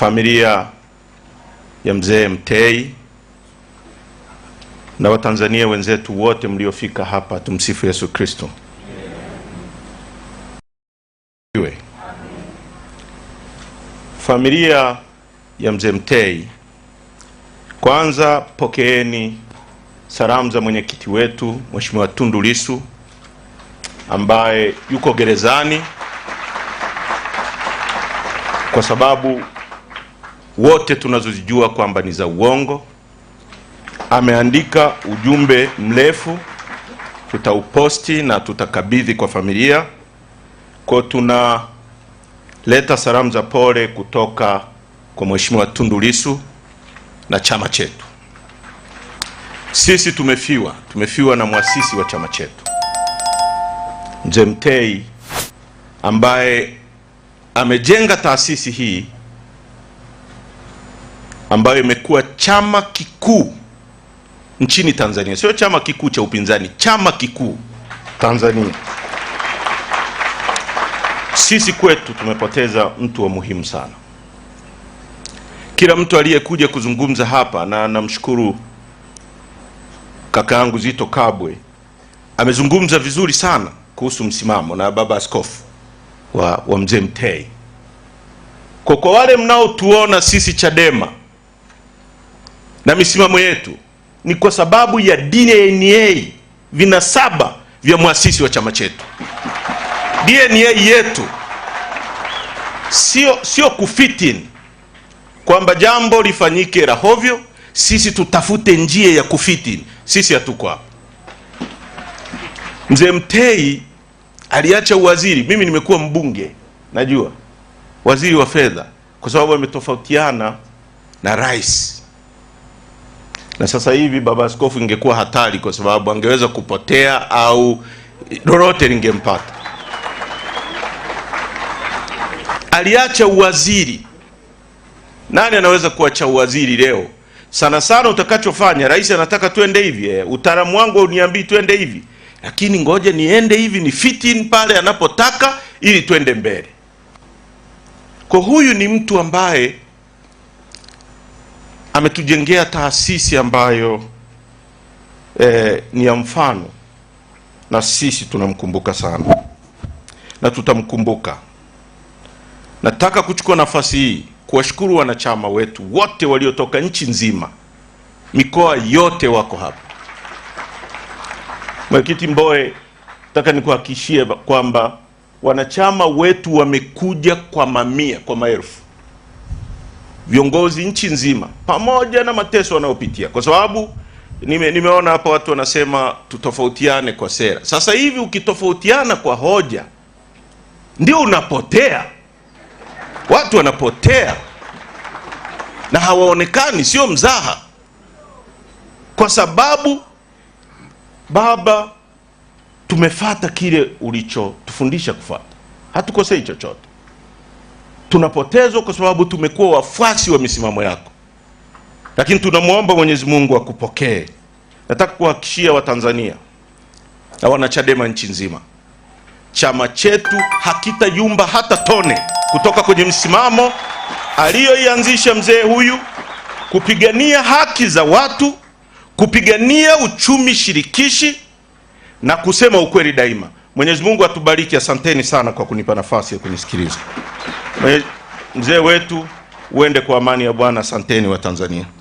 familia ya mzee Mtei na Watanzania wenzetu wote mliofika hapa. Tumsifu Yesu Kristo. familia ya mzee Mtei, kwanza pokeeni salamu za mwenyekiti wetu Mheshimiwa Tundu Lissu ambaye yuko gerezani kwa sababu wote tunazozijua kwamba ni za uongo. Ameandika ujumbe mrefu, tutauposti na tutakabidhi kwa familia kwa. Tunaleta salamu za pole kutoka kwa Mheshimiwa Tundu Lissu na chama chetu. Sisi tumefiwa, tumefiwa na mwasisi wa chama chetu Mzee Mtei ambaye amejenga taasisi hii ambayo imekuwa chama kikuu nchini Tanzania, sio chama kikuu cha upinzani, chama kikuu Tanzania. Sisi kwetu tumepoteza mtu wa muhimu sana. Kila mtu aliyekuja kuzungumza hapa, na namshukuru kaka yangu Zito Kabwe amezungumza vizuri sana kuhusu msimamo na baba askofu wa, wa mzee Mtei. Kwa kwa wale mnaotuona sisi Chadema na misimamo yetu ni kwa sababu ya DNA, vina saba vya mwasisi wa chama chetu. DNA yetu sio sio kufitin kwamba jambo lifanyike hovyo, sisi tutafute njia ya kufitin. Sisi hatuko hapo. Mzee Mtei aliacha uwaziri, mimi nimekuwa mbunge, najua waziri wa fedha, kwa sababu ametofautiana na rais na sasa hivi baba askofu ingekuwa hatari, kwa sababu angeweza kupotea au lolote lingempata. Aliacha uwaziri. Nani anaweza kuacha uwaziri leo? Sana sana utakachofanya, rais anataka twende hivi, eh, utaalamu wangu uniambii twende hivi, lakini ngoja niende hivi, ni in pale anapotaka, ili twende mbele. Kwa huyu ni mtu ambaye ametujengea taasisi ambayo eh, ni ya mfano, na sisi tunamkumbuka sana na tutamkumbuka. Nataka kuchukua nafasi hii kuwashukuru wanachama wetu wote waliotoka nchi nzima, mikoa yote wako hapa. Mwenyekiti Mboe, nataka nikuhakikishie kwamba wanachama wetu wamekuja kwa mamia, kwa maelfu viongozi nchi nzima, pamoja na mateso wanayopitia, kwa sababu nime, nimeona hapa watu wanasema tutofautiane kwa sera. Sasa hivi ukitofautiana kwa hoja ndio unapotea, watu wanapotea na hawaonekani, sio mzaha, kwa sababu baba, tumefata kile ulichotufundisha kufata, hatukosei chochote tunapotezwa kwa sababu tumekuwa wafuasi wa misimamo yako, lakini tunamwomba Mwenyezi Mungu akupokee. Nataka kuhakikishia Watanzania na wanachadema nchi nzima, chama chetu hakitayumba hata tone kutoka kwenye msimamo aliyoianzisha mzee huyu, kupigania haki za watu, kupigania uchumi shirikishi na kusema ukweli daima. Mwenyezi Mungu atubariki. Asanteni sana kwa kunipa nafasi ya kunisikiliza mzee wetu uende kwa amani ya Bwana. Asanteni wa Tanzania.